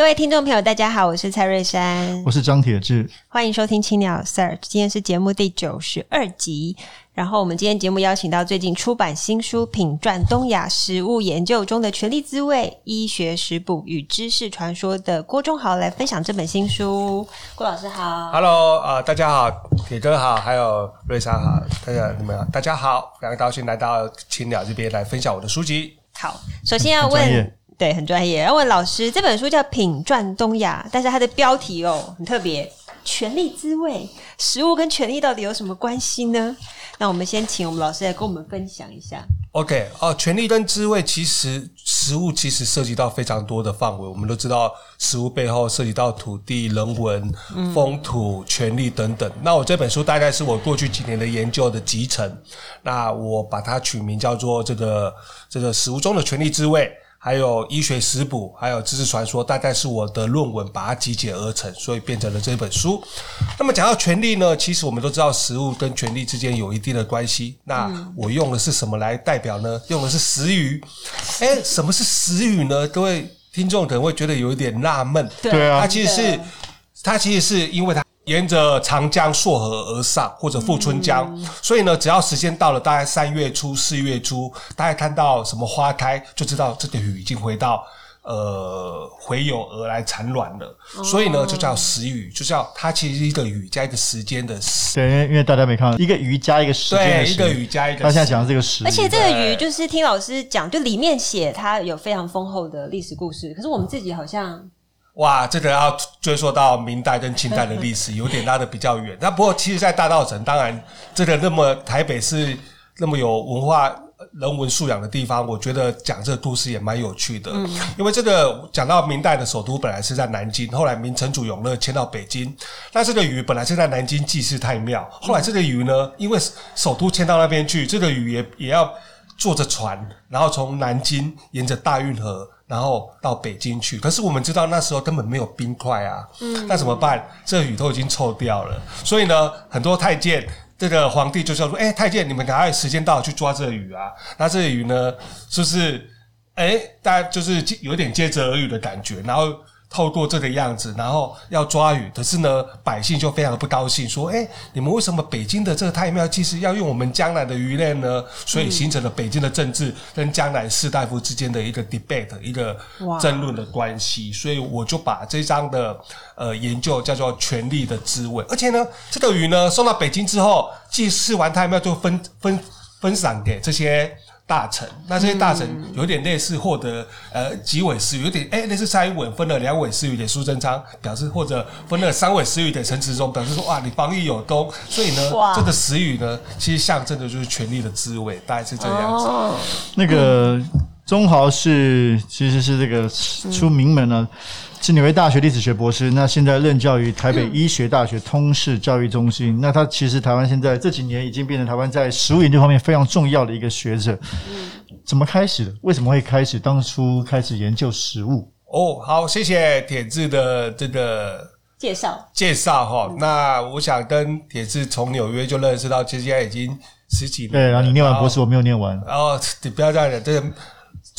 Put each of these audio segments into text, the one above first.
各位聽眾朋友，大家好，我是蔡瑞珊，我是張鐵志，歡迎收聽青鳥 Sir，今天是節目第九十二集。然後我們今天節目邀請到最近出版新書品《品饌東亞食物研究中的權力滋味、醫學食補與知識傳說》的郭忠豪來分享這本新書。郭老師好，Hello，啊、呃，大家好，鐵哥好，還有瑞珊好，大家你們大家好，非常高興來到青鳥這邊來分享我的書籍。好，首先要問。嗯對，很專業。要問老師，這本書叫《品饌東亞》，但是它的標題哦、喔，很特別，“權力滋味”。食物跟權力到底有什麼關係呢？那我們先請我們老師來跟我們分享一下。OK，哦，權力跟滋味其實食物其實涉及到非常多的範圍。我們都知道，食物背後涉及到土地、人文、風土、權力等等。嗯、那我這本書大概是我過去幾年的研究的集成。那我把它取名叫做“這個這個食物中的權力滋味”。還有醫學食補，還有知識傳說，大概是我的論文把它集結而成，所以變成了這一本書。那麼講到權力呢，其實我們都知道食物跟權力之間有一定的關係。那我用的是什麼來代表呢？用的是食魚。哎、欸，什麼是食魚呢？各位聽眾可能會覺得有一點納悶。對啊，它其實是它其實是因為它。沿着長江溯河而上，或者富春江，嗯、所以呢，只要時間到了，大概三月初、四月初，大家看到什麼花開，就知道這個魚已經回到呃回游而來產卵了。嗯、所以呢，就叫時魚就叫它其實是一個魚加一個時間的時。對，因為大家沒看到一個魚加一個時間對，一個魚加一個時。他現在講的這個時魚。而且這個魚，就是聽老師講，就裡面寫它有非常豐厚的歷史故事，可是我們自己好像。哇，這個要追溯到明代跟清代的歷史，有點拉得比較遠。那 不過，其實，在大稻埕，當然，這個那麼台北是那麼有文化人文素養的地方，我覺得講這個故事也蠻有趣的。嗯，因為這個講到明代的首都本來是在南京，後來明成祖永樂遷到北京。那這個魚本來是在南京祭祀太廟，後來這個魚呢，因為首都遷到那邊去，這個魚也也要坐着船，然後從南京沿着大運河。然後到北京去，可是我們知道那時候根本沒有冰塊啊，嗯、那怎麼辦？這魚都已經臭掉了，所以呢，很多太監，這個皇帝就說，哎、欸，太監你們趕快有時間到去抓這魚啊，那這魚呢，就是，哎、欸，大家就是有點接踵而語的感覺，然後。透過這個樣子，然後要抓魚，可是呢，百姓就非常的不高興，說：“哎、欸，你們為什麼北京的這個太廟祭祀要用我們江南的魚類呢？”所以形成了北京的政治跟江南士大夫之間的一個 debate，一個爭論的關係。哇所以我就把這張的呃研究叫做“權力的滋味”。而且呢，這個魚呢送到北京之後，祭祀完太廟就分分分散給這些。大臣，那這些大臣有點類似獲得、嗯、呃幾尾鰣魚有點哎、欸、類似蔡英文分了兩尾鰣魚，有點蘇貞昌表示，或者分了三尾鰣魚，有點陳時中表示說，哇，你防疫有功，所以呢哇這個鰣魚呢其實象徵的就是權力的滋味，大概是這樣子。哦、那個。嗯忠豪是其實是這個出名門呢、啊，嗯、是紐約大學歷史學博士。那現在任教於台北醫學大學通識教育中心。嗯、那他其實台灣現在這幾年已經變成台灣在食物研究方面非常重要的一個學者。嗯、怎麼開始的？為什麼會開始？當初開始研究食物？哦，好，謝謝鐵志的這個介紹紹介紹哈。齁嗯、那我想跟鐵志從紐約就認識到，其實現在已經十幾年了。對，然後你念完博士，後我沒有念完。哦，你不要這樣講這個。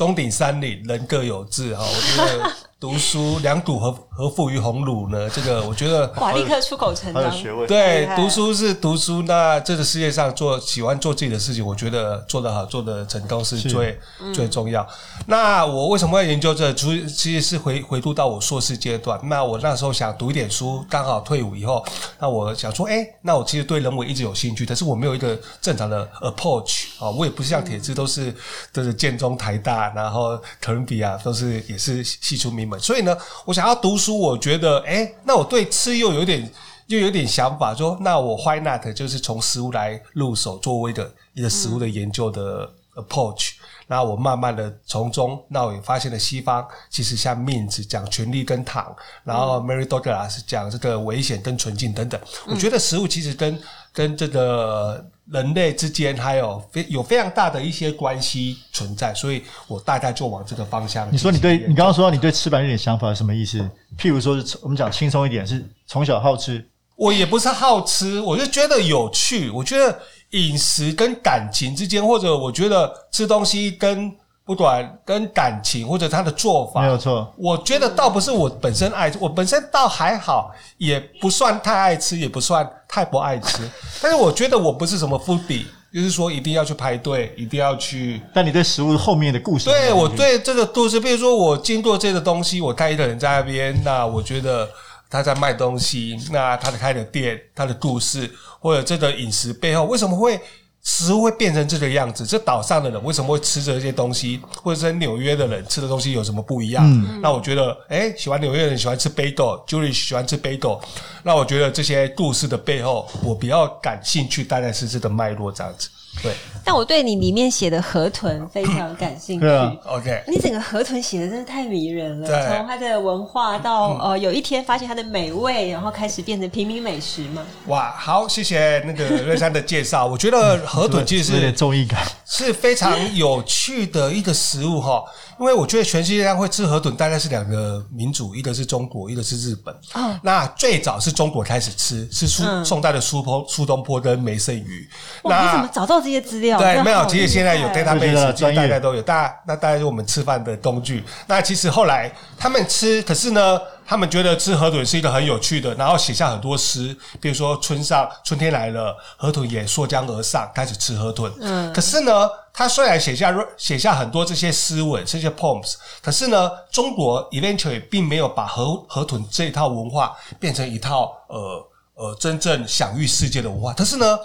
中鼎山林，人各有志哈，我覺得。讀書兩股合合富於鴻儒呢？這個我覺得，寡利克，出口成章，啊，對，讀書是讀書。那這個世界上做喜歡做自己的事情，我覺得做得好，做得成功是最是最重要。嗯、那我為什麼要研究這？其實其實是回回溯到我碩士階段。那我那時候想讀一點書，剛好退伍以後，那我想說，哎，那我其實對人文一直有興趣，但是我沒有一個正常的 approach 啊，哦，我也不是像鐵子都是都是、嗯、建中、台大，然後藤比啊，都是也是系出名。所以呢，我想要讀書，我覺得，哎、欸，那我對吃又有點，又有點想法，說，那我 why not 就是從食物來入手，作為的一個食物的研究的 approach、嗯、然後我慢慢的從中，那我也發現了西方其實像 Mintz 講權力跟糖，然後 Mary Douglas 講這個危險跟純淨等等，嗯、我覺得食物其實跟跟這個。人類之間還有非有非常大的一些關係存在，所以我大概就往這個方向。你說你對你剛剛說到你對吃飯有點想法是什麼意思？譬如說是我們講輕鬆一點，是從小好吃。我也不是好吃，我就覺得有趣。我覺得飲食跟感情之間，或者我覺得吃東西跟。不管跟感情或者他的做法，沒有錯。我覺得倒不是我本身愛吃，我本身倒還好，也不算太愛吃，也不算太不愛吃。 但是我覺得我不是什麼 foodie，就是說一定要去排隊，一定要去。但你對食物後面的故事對，對我對這個故事，比如說我經過這個東西，我帶一個人在那邊，那我覺得他在賣東西，那他的開的店、他的故事，或者這個飲食背後為什麼會？食物會變成這個樣子，這島上的人為什麼會吃着一些東西，或者是紐約的人吃的東西有什麼不一樣？嗯、那我覺得，哎、欸，喜歡紐約的人喜歡吃貝豆，Julie 喜歡吃北豆。那我覺得這些故事的背後，我比較感興趣，大概是這個脈絡這樣子。對，但我對你裡面寫的河豚非常感興趣。 啊、o、okay, k 你整個河豚寫的真的太迷人了，從它對的文化到，嗯、呃有一天發現它的美味，然後開始變成平民美食嘛。哇，好，謝謝那個瑞山的介紹。 我覺得河豚其實是有點綜藝感， 是非常有趣的一個食物哈。因為我覺得全世界會吃河豚大概是兩個民族，一個是中國，一個是日本。啊、那最早是中國開始吃，是蘇、嗯、宋代的蘇坡蘇東坡跟梅聖俞。哇那你怎麼找到這些資料？對，沒有，其實現在有 data base，對就大概都有。大那大概我們吃飯的工具。那其實後來他們吃，可是呢？他們覺得吃河豚是一個很有趣的，然後寫下很多詩，比如說春上春天來了，河豚也溯江而上，開始吃河豚。嗯，可是呢，他雖然寫下，寫下很多這些詩文，這些 poems，可是呢，中國 eventually 並沒有把河河豚這一套文化變成一套呃呃真正享譽世界的文化。但是呢，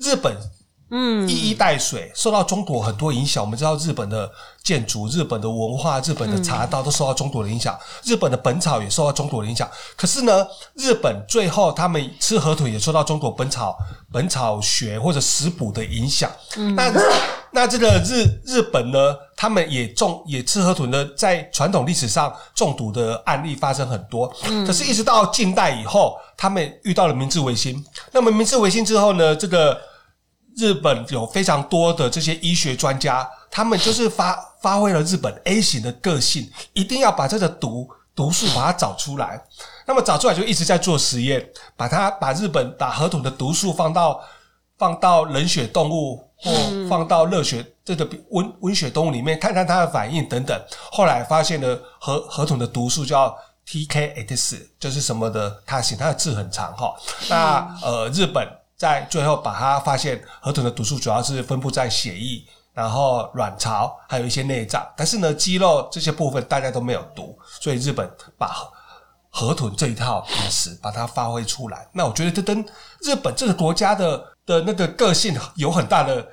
日本。嗯，一衣帶水，受到中國很多影響。我們知道日本的建築、日本的文化、日本的茶道都受到中國的影響。日本的本草也受到中國的影響。可是呢，日本最後他們吃河豚也受到中國本草、本草學或者食補的影響。嗯、那那這個日日本呢，他們也中也吃河豚呢，在傳統歷史上中毒的案例發生很多。嗯、可是一直到近代以後，他們遇到了明治維新。那麼明治維新之後呢，這個。日本有非常多的這些醫學專家，他們就是發發揮了日本 A 型的個性，一定要把這個毒毒素把它找出來。那麼找出來就一直在做實驗，把它把日本把河豚的毒素放到放到冷血動物，或放到熱血這個溫溫血動物裡面，看看它的反應等等。後來發現了河河豚的毒素叫 TKX，就是什麼的它型，它的字很長哈。那呃，日本。在最後把它發現，河豚的毒素主要是分布在血液、然後卵巢，還有一些內臟。但是呢，肌肉這些部分大家都沒有毒，所以日本把河豚這一套飲食把它發揮出來。那我覺得這跟日本這個國家的的那個個性有很大的。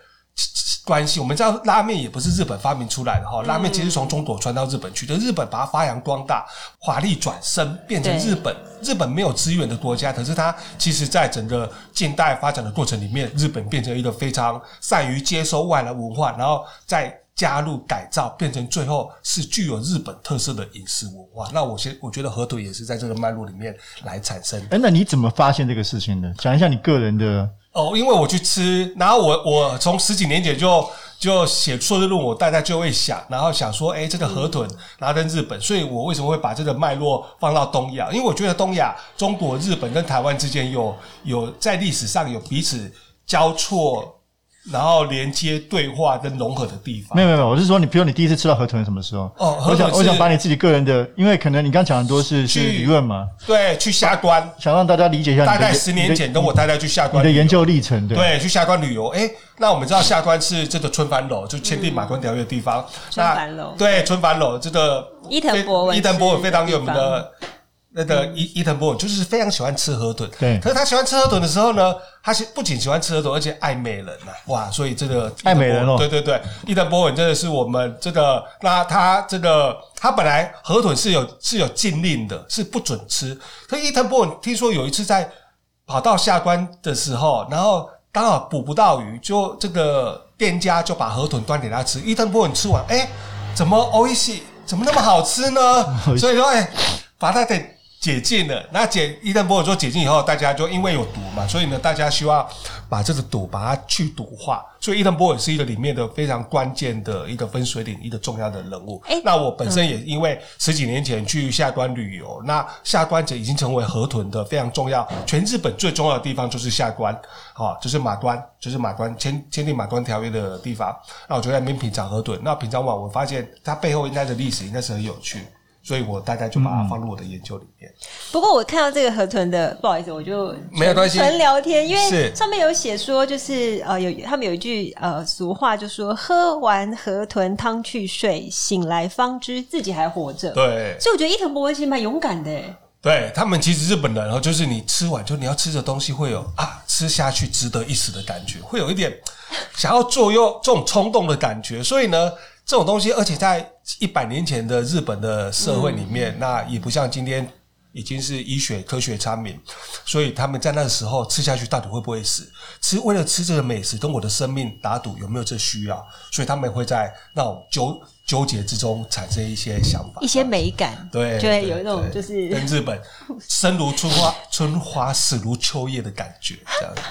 關係，我們知道拉麵也不是日本發明出來的哈，拉麵其實從中國傳到日本去，就日本把它發揚光大，華麗轉身變成日本。對日本沒有資源的國家，可是它其實，在整個近代發展的過程裡面，日本變成一個非常善於接收外來文化，然後再加入改造，變成最後是具有日本特色的飲食文化。那我先我覺得河豚也是在這個脈絡裡面來產生的。誒、欸，那你怎麼發現這個事情呢？講一下你個人的。哦，oh, 因為我去吃，然後我我從十幾年前就就寫碩士論文，我大概就會想，然後想說，哎、欸，這個河豚拿在日本，所以我為什麼會把這個脈絡放到東亞？因為我覺得東亞、中國、日本跟台灣之間有有在歷史上有彼此交錯。然後連接對話跟融合的地方。沒有沒有，我是說你，比如你第一次吃到河豚什麼時候？我想我想把你自己個人的，因為可能你剛講很多是是理論嘛。對，去下關，想讓大家理解一下。大概十年前，跟我大概去下關的研究歷程，對，去下關旅遊。哎，那我們知道下關是這個春帆樓，就簽訂馬關條約的地方。春帆樓對春帆樓這個伊藤博文，伊藤博文非常有名的。那個伊伊藤博文就是非常喜歡吃河豚，對、嗯。可是他喜歡吃河豚的時候呢，他喜不僅喜歡吃河豚，而且愛美人吶、啊，哇！所以這個愛美人哦，對對對，嗯、伊藤博文真的是我們這個，那他這個他本來河豚是有是有禁令的，是不准吃。所以伊藤博文聽說有一次在跑到下關的時候，然後剛好捕不到魚，就這個店家就把河豚端給他吃。嗯、伊藤博文吃完，哎、欸，怎麼おいしい怎麼那麼好吃呢？味所以說，哎、欸，把他給。解禁了，那解伊藤博文說解禁以後，大家就因為有毒嘛，所以呢，大家希望把這個毒把它去毒化，所以伊藤博文是一個裡面的非常關鍵的一個分水嶺，一個重要的人物。欸、那我本身也因為十幾年前去下關旅遊，嗯、那下關就已經成為河豚的非常重要，全日本最重要的地方就是下關，啊、哦，就是馬關，就是馬關簽簽訂馬關條約的地方。那我就在那邊品嘗河豚，那品嘗完我發現它背後應該的歷史應該是很有趣。所以我大概就把它放入我的研究裡面。嗯、不過我看到這個河豚的，不好意思，我就沒有關係。純聊天，因為上面有寫說，就是，是呃，有他們有一句呃俗話就是，就說喝完河豚湯去睡，醒來方知自己還活着。對，所以我覺得伊藤博文其實蠻勇敢的。對他們，其實日本人哈，就是你吃完就你要吃的東西會有啊，吃下去值得一死的感覺，會有一點想要做用這種衝動的感覺。所以呢。這種東西，而且在一百年前的日本的社會裡面，嗯、那也不像今天已經是醫學科學昌明，所以他們在那個時候吃下去到底會不會死？吃為了吃這個美食，跟我的生命打賭，有沒有這需要？所以他們會在那種糾糾結之中產生一些想法，一些美感，對，就會對對有一種就是跟日本生如春花 春花，死如秋葉的感覺，這樣子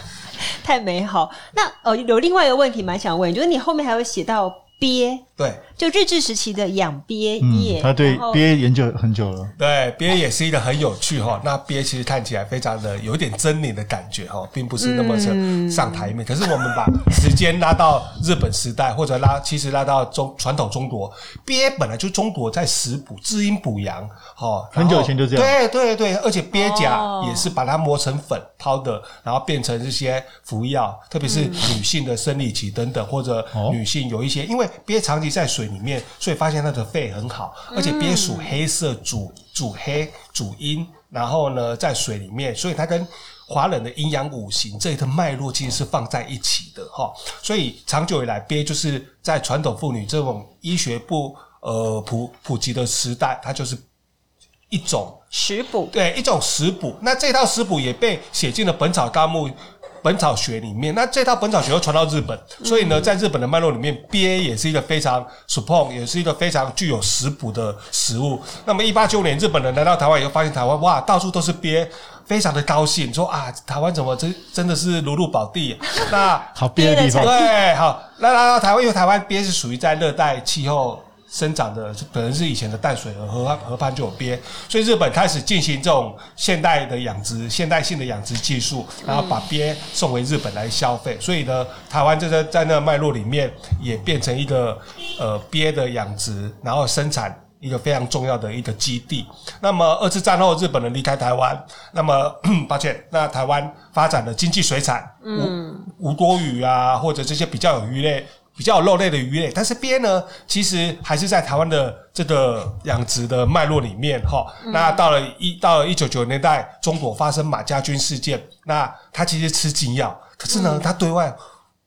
太美好。那呃、哦，有另外一個問題蠻想問，就是你後面還有寫到。鱉憋對，就日治時期的養鱉業、嗯，他對鱉研究很久了。後對，鱉也是一個很有趣哈、哦。那鱉其實看起來非常的有一點猙獰的感覺哈、哦，並不是那麼的上台面。嗯、可是我們把時間拉到日本時代，或者拉其實拉到中傳統中國，鱉本來就中國在食補滋陰補陽哈，哦、很久以前就這樣。對對對，而且鱉甲也是把它磨成粉掏、哦、的，然後變成一些服藥，特別是女性的生理期等等，或者女性有一些、哦、因為鱉長期在水裡面，所以發現它的肺很好，而且鱉屬黑色，主主黑主陰。然後呢，在水裡面，所以它跟華人的陰陽五行這一套脈絡其實是放在一起的哈。所以長久以來，鱉就是在傳統婦女這種醫學不呃普普及的時代，它就是一種食補補，對，一種食補。那這套食補也被寫進了《本草綱目》。本草學裡面，那這套本草學又傳到日本，嗯嗯嗯，所以呢，在日本的脈絡裡面，鱉也是一個非常 s u p o s e 也是一個非常具有食補的食物。那麼一八九五年，日本人來到台灣以後，發現台灣哇，到處都是鱉，非常的高興，說啊，台灣怎麼真真的是如入寶地，啊， 那好鱉的地方，對，好，那來到台灣，因為台灣鱉是屬於在熱帶氣候。生長的可能是以前的淡水和河河河畔，就有鱉，所以日本開始進行這種現代的養殖、現代性的養殖技術，然後把鱉送回日本來消費。所以呢，台灣就在在那脈絡裡面也變成一個呃鱉的養殖，然後生產一個非常重要的一個基地。那麼二次戰後，日本人離開台灣，那麼抱歉，那台灣發展的經濟水產，嗯，無多魚啊，或者這些比較有魚類。比較有肉類的魚類，但是鱉呢，其實還是在台灣的這個養殖的脈絡裡面哈。嗯、那到了一到了一九九零年代，中國發生馬家軍事件，那他其實吃禁藥，可是呢，嗯、他對外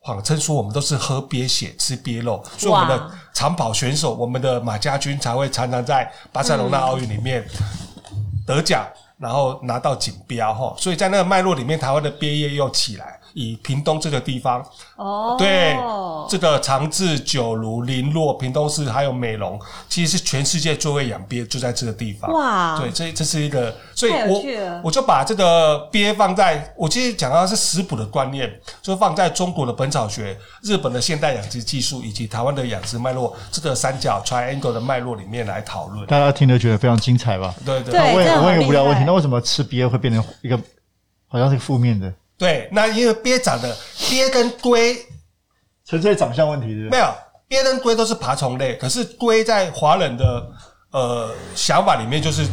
謊稱說我們都是喝鱉血吃鱉肉。所以我們的長跑選手，哇我們的馬家軍才會常常在巴塞羅那奧運裡面得獎，然後拿到錦標哈。嗯、所以在那個脈絡裡面，台灣的鱉業又起來。以屏東這個地方，哦，對，這個長治九如麟洛屏東市還有美隆，其實是全世界最會養鱉就在這個地方。哇，對，這這是一個，所以我我就把這個鱉放在，我其實講到是食補的觀念，就放在中國的本草學、日本的現代養殖技術以及台灣的養殖脈絡這個三角 triangle 的脈絡裡面來討論。大家聽得覺得非常精彩吧？對對對，啊，我問，我問個無聊問題，那為什麼吃鱉會變成一個好像是負面的？對，那因為鱉長得，鱉跟龜純粹長相問題的。沒有，鱉跟龜都是爬蟲類，可是龜在華人的呃想法裡面就是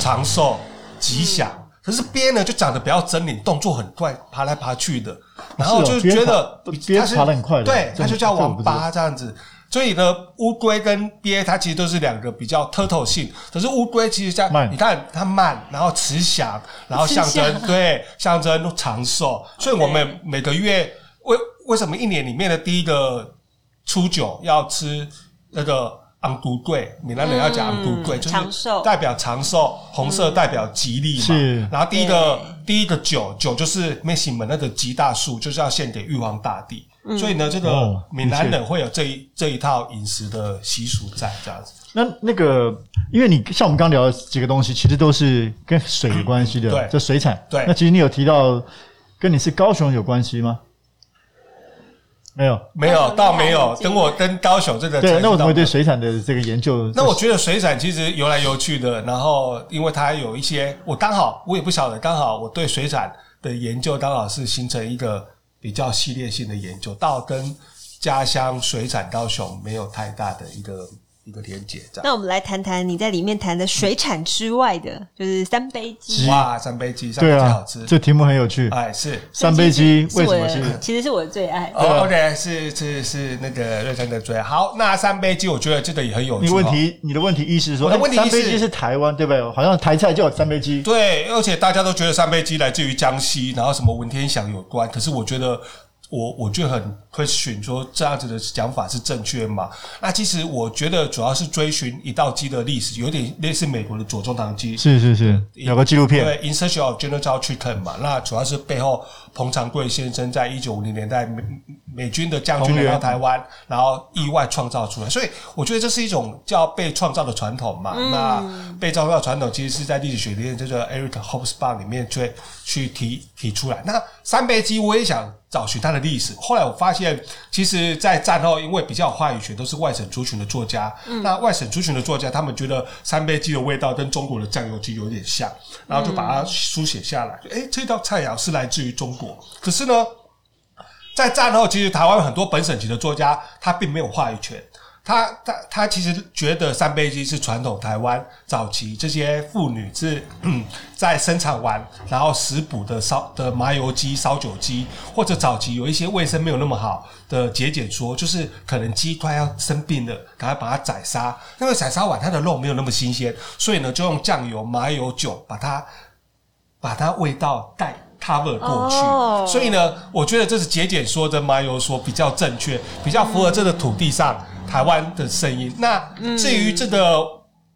長壽、吉祥，可是鱉呢就長得比較猙獰，動作很快，爬來爬去的，然後就覺得它、哦、爬，是爬得很快的、啊，對，它很就叫王八這樣子。所以呢，烏龜跟鱉，它，其實都是兩個比較 turtle 性。嗯、可是烏龜其實在慢你看，它慢，然後慈祥，然後象徵喊對，象徵長壽。所以我們每個月為、欸、為什麼一年裡面的第一個初九要吃那個紅龜粿？閩南人要講紅龜粿，嗯、就是代表長壽。紅色代表吉利嘛。嗯、然後第一個、嗯、第一個九是九就是 mei 西門那個吉大樹，就是要獻給玉皇大帝。所以呢，這個閩南人，哦，會有這一，理解，這一套飲食的習俗在這樣子。那那個，因為你像我們剛聊的幾個東西，其實都是跟水有關係的， 對，就水產。對。那其實你有提到跟你是高雄有關係嗎？沒有，沒有，倒沒有。等我跟高雄這個，對，那我怎麼對水產的這個研究、就是，那我覺得水產其實游來游去的，然後因為它有一些，我剛好我也不曉得，剛好我對水產的研究剛好是形成一個。比較系列性的研究，到跟家鄉水產高雄沒有太大的一個。一個連接。那我們來談談你在裡面談的水產之外的，嗯、就是三杯雞。哇，三杯雞，三杯雞好吃、啊。這題目很有趣，哎，是三杯雞，為什麼是？是其實是我的最愛。是吧 oh, OK，是是是那個瑞生的最愛。好，那三杯雞，我覺得這個也很有趣。你問題，哦、你的問題意思是說，問題意思三杯雞是台灣對不對？好像台菜就有三杯雞、嗯。對，而且大家都覺得三杯雞來自於江西，然後什麼文天祥有關。可是我覺得我，我我覺得很。會選說這樣子的講法是正確嗎？那其實我覺得主要是追尋一道雞的歷史，有點類似美國的左宗棠雞，是是是，有個紀錄片。對，In Search of General Chicken 嘛，那主要是背後彭長貴先生在一九五零年代美美軍的將軍來到台灣，源然後意外創造出來，所以我覺得這是一種叫被創造的傳統嘛。嗯、那被創造的傳統其實是在歷史學裡面叫做 Eric Hobsbawm 裡面去去提提出來。那三杯雞我也想找尋它的歷史，後來我發現。其實，在戰後，因為比較有話語權都是外省族群的作家。嗯、那外省族群的作家，他們覺得三杯雞的味道跟中國的醬油雞有點像，然後就把它書寫下來。哎、嗯欸，這道菜肴是來自於中國。可是呢，在戰後，其實台灣很多本省籍的作家，他並沒有話語權。他他他其實覺得三杯雞是傳統台灣早期這些婦女是在生產完，然後食補的燒的麻油雞、燒酒雞，或者早期有一些衛生沒有那麼好的節儉說，就是可能雞快要生病了，趕快把它宰殺，那個宰殺完它的肉沒有那麼新鮮，所以呢就用醬油、麻油、酒把它把它味道帶 cover 過去，oh. 所以呢我覺得這是節儉說跟麻油說比較正確，比較符合這個土地上。台灣的聲音。那至於這個、嗯、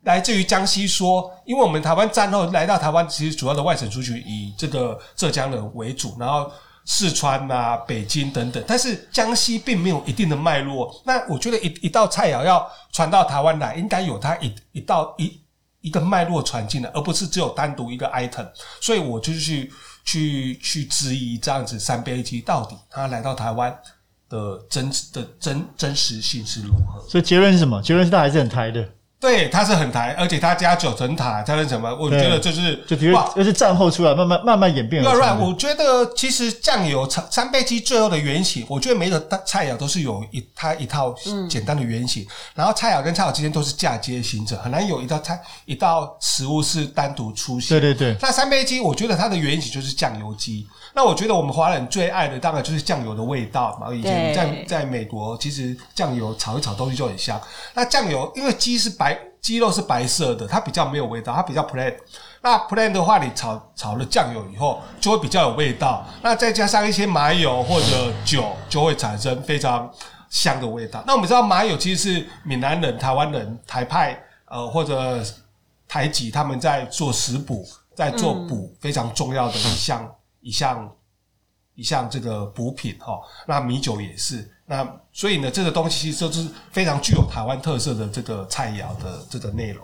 來自於江西說，因為我們台灣戰後來到台灣，其實主要的外省族群以這個浙江人為主，然後四川啊、北京等等。但是江西並沒有一定的脈絡。那我覺得一一道菜肴要傳到台灣來，應該有它一一道一一,一個脈絡傳進來，而不是只有單獨一個 item。所以我就去去去質疑這樣子三杯雞到底它來到台灣。的真實的真真實性是如何？所以結論是什麼？結論是它還是很台的，對，它是很台，而且它加九層塔，它是什麼？我覺得就是，就，哇，就是戰後出來慢慢慢慢演變。Right，我覺得其實醬油炒三杯雞最後的原型，我覺得每一個菜菜餚都是有一它一套簡單的原型，嗯，然後菜餚跟菜餚之間都是嫁接形成，很難有一道菜一道食物是單獨出現。對對對，那三杯雞，我覺得它的原型就是醬油雞。那我覺得我們華人最愛的，大概就是醬油的味道嘛。以前在對在美國，其實醬油炒一炒東西就很香。那醬油因為雞是白雞肉是白色的，它比較沒有味道，它比較 plain。那 plain 的話，你炒炒了醬油以後，就會比較有味道。那再加上一些麻油或者酒，就會產生非常香的味道。那我們知道麻油其實是閩南人、台灣人、台派呃或者台籍他們在做食補，在做補、嗯、非常重要的一項。一項，一項這個補品哈，那米酒也是。那所以呢，這個東西就是非常具有台灣特色的這個菜餚的這個內容，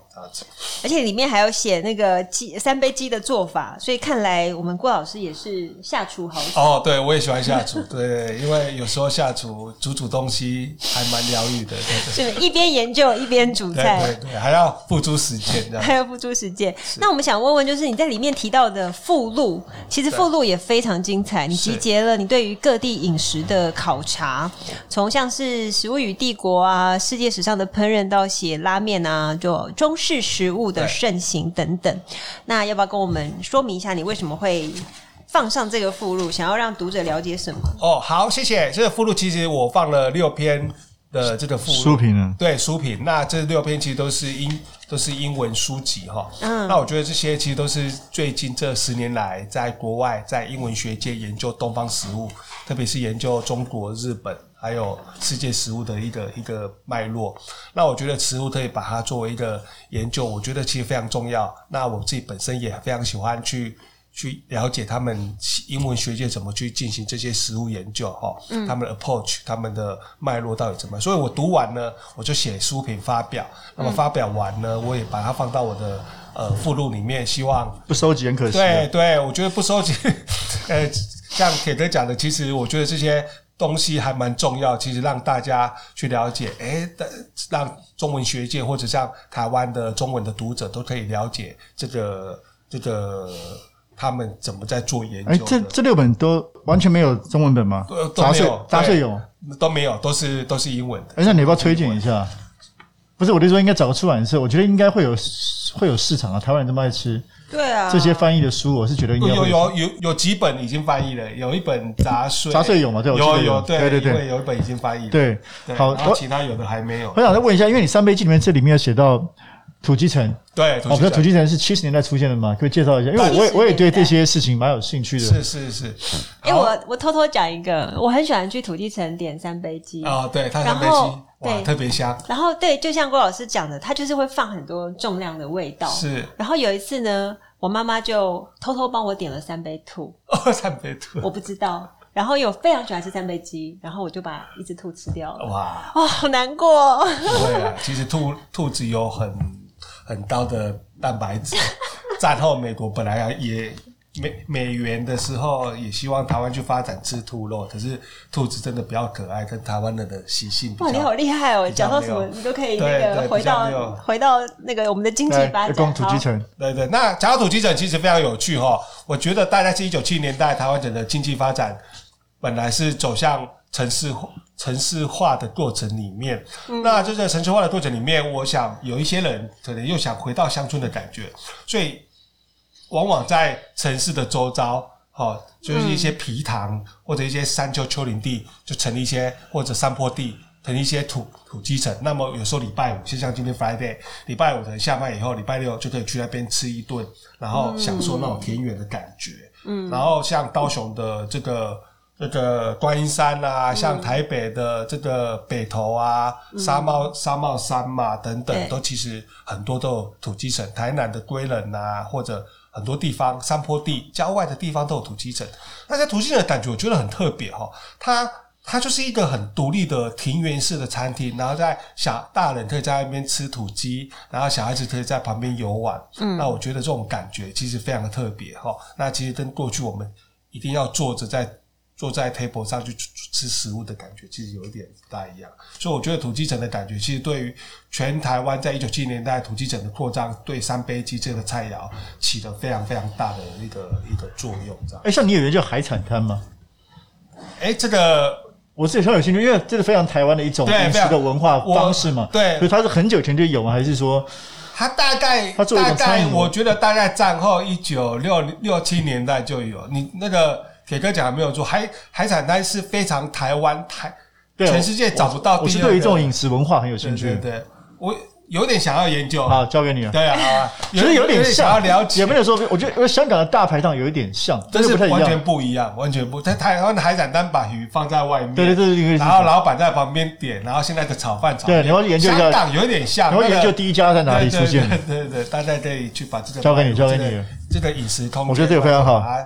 而且裡面還有寫那個雞三杯雞的做法，所以看來我們郭老師也是下廚好手哦。對，我也喜歡下廚， 對，因為有時候下廚煮煮東西還蠻療癒的，就是一邊研究一邊煮菜，對，對對，還要付出時間，還要付諸時間。是那我們想問問，就是你在裡面提到的附錄，其實附錄也非常精彩，你集結了你對於各地飲食的考察。從像是食物與帝國啊，世界史上的烹飪到寫拉麵啊，就中式食物的盛行等等，對那要不要跟我們說明一下，你為什麼會放上這個附錄，想要讓讀者了解什麼？哦，好，謝謝。這個附錄其實我放了六篇的這個附錄、啊，書評啊，對，書評。那這六篇其實都是英都是英文書籍哈。嗯，那我覺得這些其實都是最近這十年來在國外在英文學界研究東方食物，特別是研究中國、日本。還有世界食物的一個一個脈絡，那我覺得食物可以把它作為一個研究，我覺得其實非常重要。那我自己本身也非常喜歡去去了解他們英文學界怎麼去進行這些食物研究，哈，他們的 approach，他們的脈絡到底怎麼樣？所以我讀完呢，我就寫書評發表。那麼發表完呢，我也把它放到我的呃附錄裡面，希望，不收集很可惜，啊。對對，我覺得不收集，呃， 欸，像鐵哥講的，其實我覺得這些。東西還蠻重要，其實讓大家去了解，哎、欸，讓中文學界或者像台灣的中文的讀者都可以了解這個這個他們怎麼在做研究。哎、欸，這這六本都完全沒有中文本嗎？嗯、都沒有，都沒有，都沒有，都是都是英文的。哎、欸，那你要不要推薦一下？是不是，我就說應該找個出版社，我覺得應該會有會有市場啊，台灣人這麼愛吃。對啊，這些翻譯的書，我是覺得應該有有有有幾本已經翻譯了，有一本雜碎雜碎有嘛？有有,有對,對對對，一有一本已經翻譯了，對好，對對然後其他有的還沒有好後我。我想再問一下，因為你三杯雞裡面這裡面有寫到。土雞城，對，我覺得土雞城、哦、是七十年代出現的嘛，可以介紹一下。因為我我我也對這些事情蠻有興趣的。是是是，因為我我偷偷講一個，我很喜歡去土雞城點三杯雞哦，對，它三杯雞，然後，對，特別香。然後對，就像郭老師講的，它就是會放很多重量的味道。是。然後有一次呢，我媽媽就偷偷幫我點了三杯兔，哦、三杯兔，我不知道。然後有非常喜歡吃三杯雞，然後我就把一隻兔吃掉了。哇，哦，好難過、喔。不會啊，其實兔兔子有很很高的蛋白質。戰後美國本來也美美元的時候，也希望台灣去發展吃兔肉，可是兔子真的比較可愛，跟台灣人的習性。哇，你好厲害哦！講到什麼你都可以那個回到回到那個我們的經濟發展。對好共土雞城。對，對對，那講到土雞城其實非常有趣哈。我覺得大概是一九七零年代台灣整個經濟發展本來是走向。城市城市化的過程裡面，嗯、那就在城市化的過程裡面，我想有一些人可能又想回到鄉村的感覺，所以往往在城市的周遭，哦、喔，就是一些埤塘或者一些山丘丘陵地，就成了一些或者山坡地，成一些土土雞城。那麼有時候禮拜五，就像今天 Friday，禮拜五的下班以後，禮拜六就可以去那邊吃一頓，然後享受那種田園的感覺。嗯，然後像高雄的這個。這個觀音山啊，像台北的這個北投啊、嗯、紗帽紗帽山嘛等等，嗯、都其實很多都有土雞城。台南的歸仁啊，或者很多地方山坡地、郊外的地方都有土雞城。那在土雞城的感覺，我覺得很特別哦，它它就是一個很獨立的庭園式的餐廳，然後在小大人可以在那邊吃土雞，然後小孩子可以在旁邊遊玩。嗯，那我覺得這種感覺其實非常的特別哦。那其實跟過去我們一定要坐着在。坐在 table 上去吃食物的感覺，其實有一點不大一樣。所以我覺得土雞城的感覺，其實對於全台灣在一九七零年代土雞城的擴張，對三杯雞這個菜肴起了非常非常大的一個一個作用。這樣，哎、欸，像你有研究海產攤嗎？哎、欸，這個我自己很有興趣，因為這是非常台灣的一種飲食的文化方式嘛。對，所以它是很久前就有嗎？還是說它做他大概它大概我覺得大概戰後一九六六七年代就有。你那個，鐵哥講的沒有錯，海海產攤，是非常台灣台全世界找不到。我是對於這種飲食文化很有興趣，對，我有點想要研究。好，交給你了。對啊，其實有點想要了解。也不能說，我覺得因為香港的大排檔有一點像，但是完全不一樣，完全不。在台灣的海產攤把魚放在外面，對對，這是然後老板在旁邊點，然後現在的炒飯炒。對，然後研究一下。香港有點像，你要研究第一家在哪裡出現？對對對，大家可以去把這個交給你，交給你。這個飲食通，我覺得這個非常好啊。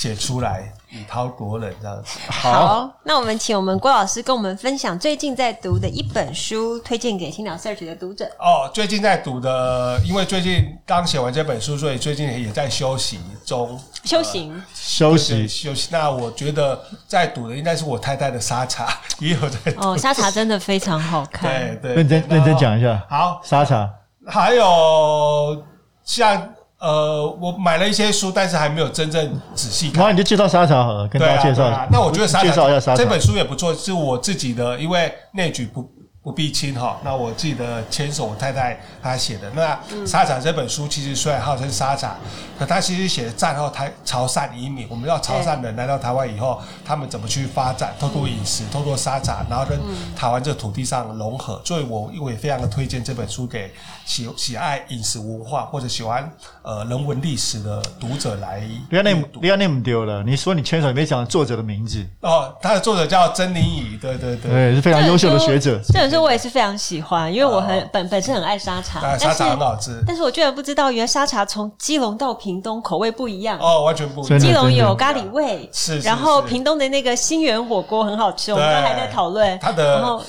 寫出來，以陶國冷這樣子。好，好，那我們請我們郭老師跟我們分享最近在讀的一本書，推薦給新鳥 search 的讀者。哦，最近在讀的，因為最近剛寫完這本書，所以最近也在休息中。休息，休息，休息。那我覺得在讀的應該是我太太的《沙茶》，也有在讀。哦，《沙茶》真的非常好看。對 對，對認真認真講一下。好，《沙茶》還有像。呃，我買了一些書，但是還沒有真正仔細看。然後、啊、你就介紹沙茶好了，跟大家介紹、啊啊。那我覺得介紹一下沙茶，這本書也不錯，是我自己的，因為內舉。不。我必清哈，那我記得牽手，我太太她寫的那、嗯、沙茶這本書，其實雖然號稱沙茶，可他其實寫的戰後台潮汕移民，我們要潮汕人來到台灣以後，欸、他們怎麼去發展、透過飲食、嗯、透過沙茶，然後跟台灣這土地上融合，嗯、所以我我也非常的推薦這本書給喜喜愛飲食文化或者喜歡呃人文歷史的讀者來讀。不要那不要那麼丟了，你說你牽手也沒講作者的名字哦？他的作者叫曾齡儀，對對對，對是非常優秀的學者，我也是非常喜歡，因為我很本本身很愛沙茶，沙茶很好吃。但是我居然不知道，原來沙茶從基隆到屏東口味不一樣哦，完全不一樣。基隆有咖喱味，是，然後屏東的那個新源火鍋很好吃，我們剛還在討論它的。然後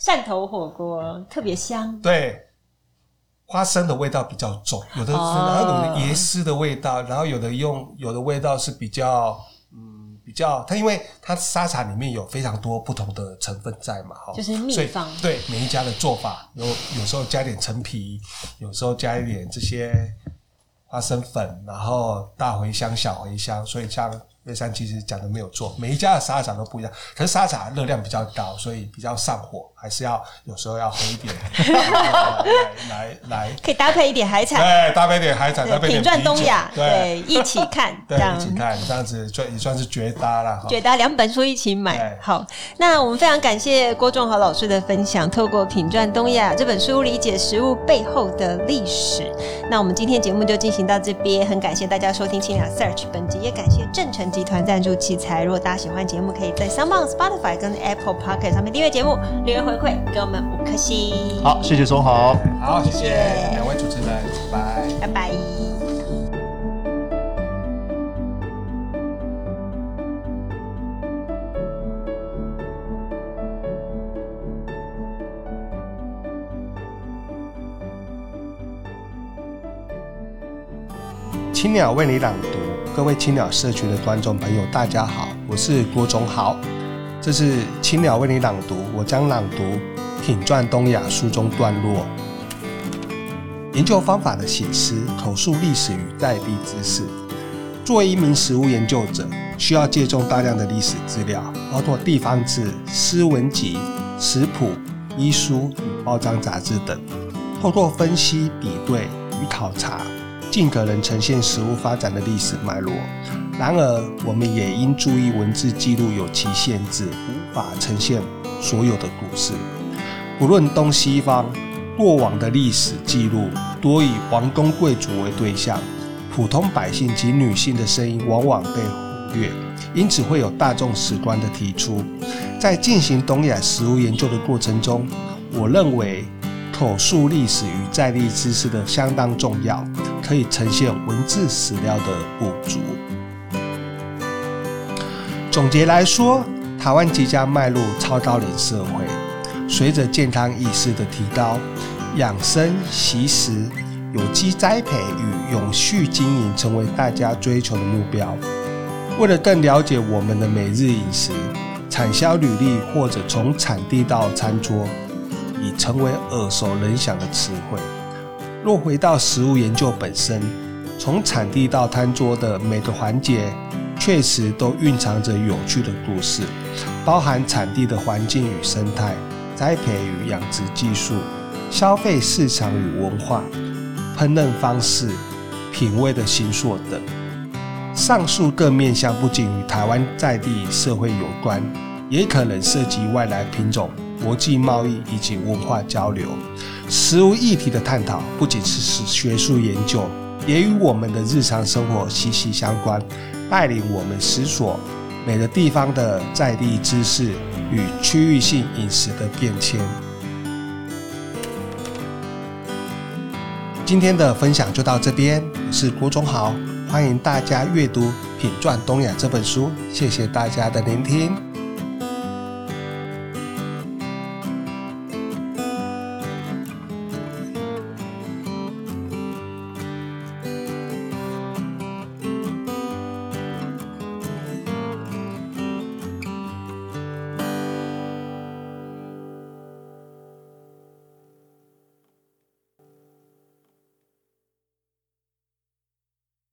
汕頭火鍋特別香，對，花生的味道比較重，有的是那種椰絲的味道，然後有的用，有的味道是比較。叫它，比較，因為它沙茶裡面有非常多不同的成分在嘛，哈，就是秘方。對，每一家的做法，有有時候加一點陳皮，有時候加一點這些花生粉，然後大茴香、小茴香，所以像。雪山其實講的沒有錯，每一家的沙茶都不一樣。可是沙茶熱量比較高，所以比較上火，還是要有時候要喝一點。來 來，來來可以搭配一點海產，哎，搭配一點海產，搭配一點。品饌東亞，對，一起看這樣，對，一起看，這樣子算也算是絕搭了，絕搭，兩本書一起買。對好，那我們非常感謝郭仲豪老師的分享，透過《品饌東亞》這本書理解食物背後的歷史。那我們今天節目就進行到這邊，很感謝大家收聽《清雅 Search》本集，也感謝鄭成。集團贊助器材，如果大家喜歡節目，可以在 SoundOn Spotify 跟 Apple Podcast 上面訂閱節目，留言回饋給我們五顆星。好，謝謝忠豪。好，謝謝兩謝位主持人，拜拜。拜拜。青鳥為你朗讀。各位青鳥社群的觀眾朋友，大家好，我是郭忠豪，這是青鳥為你朗讀，我將朗讀《品饌東亞書》書中段落。研究方法的寫實口述歷史與在地知識。作為一名食物研究者，需要借重大量的歷史資料，包括地方志、詩文集、食譜、醫書與報章雜誌等，透過分析、比對與考察，盡可能呈現食物發展的歷史脈絡，然而我們也應注意，文字記錄有其限制，無法呈現所有的故事。不論東西方，過往的歷史記錄多以王公貴族為對象，普通百姓及女性的聲音往往被忽略，因此會有大眾史觀的提出。在進行東亞食物研究的過程中，我認為口述歷史與在地知識的相當重要。可以呈現文字史料的不足。總結來說，台灣即將邁入超高齡社會，隨着健康意識的提高，養生、習食、有機栽培與永續經營成為大家追求的目標。為了更了解我們的每日飲食、產銷履歷或者從產地到餐桌，已成為耳熟能詳的詞彙。若回到食物研究本身，從產地到餐桌的每個環節，確實都蘊藏着有趣的故事，包含產地的環境與生態、栽培與養殖技術、消費市場與文化、烹飪方式、品味的形塑等。上述各面向不僅與台灣在地社會有關，也可能涉及外來品種。國際貿易以及文化交流。食物議題的探討，不僅是學術研究，也與我們的日常生活息息相關，帶領我們思索每個地方的在地知識與區域性飲食的變遷。今天的分享就到這邊，我是郭忠豪，歡迎大家閱讀《品饌東亞》這本書，謝謝大家的聆聽。